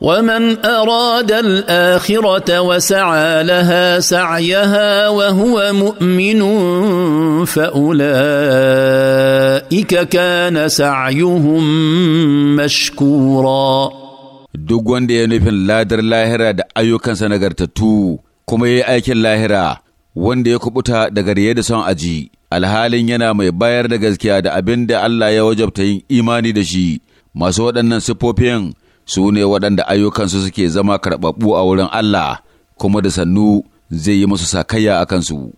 ومن اراد الاخره وسعى لها سعيها وهو مؤمن فاولئك كان سعيهم مشكورا duk wanda ya nufin ladar lahira da ayyukansa nagartattu kuma ya yi aikin lahira wanda ya kubuta daga riye da son aji alhalin yana mai bayar da gaskiya da abin da Allah ya wajabta yin imani da shi masu waɗannan siffofin su ne waɗanda ayyukansu suke zama karɓaɓɓu a wurin Allah kuma da sannu zai yi musu sakayya a kansu.